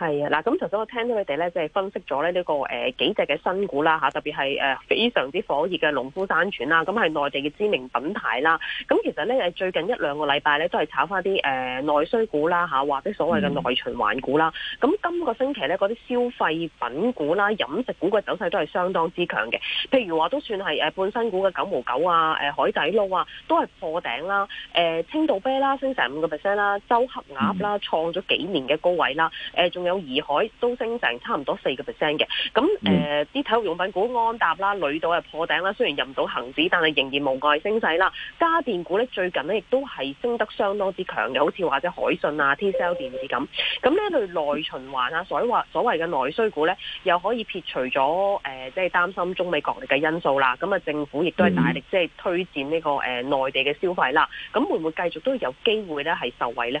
係啊，嗱咁頭先我聽到你哋咧，即係分析咗咧呢個誒幾隻嘅新股啦嚇，特別係誒非常之火熱嘅農夫山泉啦，咁係內地嘅知名品牌啦。咁其實咧誒最近一兩個禮拜咧都係炒翻啲誒內需股啦嚇，或者所謂嘅內循環股啦。咁、嗯、今個星期咧嗰啲消費品股啦、飲食股嘅走勢都係相當之強嘅。譬如話都算係誒半新股嘅九毛九啊、誒海底撈啊，都係破頂啦。誒青島啤啦，升成五個 percent 啦，周黑鴨啦，創咗幾年嘅高位啦。誒仲有。有頤海都升成差唔多四個 percent 嘅，咁誒啲體育用品股安踏啦、女島啊破頂啦，雖然入唔到恒指，但係仍然無礙升勢啦。家電股咧最近呢亦都係升得相當之強嘅，好似或者海信啊、TCL 電子咁。咁呢類內循環啊，所話所謂嘅內需股咧，又可以撇除咗誒，即、呃、係、就是、擔心中美角力嘅因素啦。咁啊，政府亦都係大力即係推薦呢、這個誒、呃、內地嘅消費啦。咁會唔會繼續都有機會咧係受惠咧？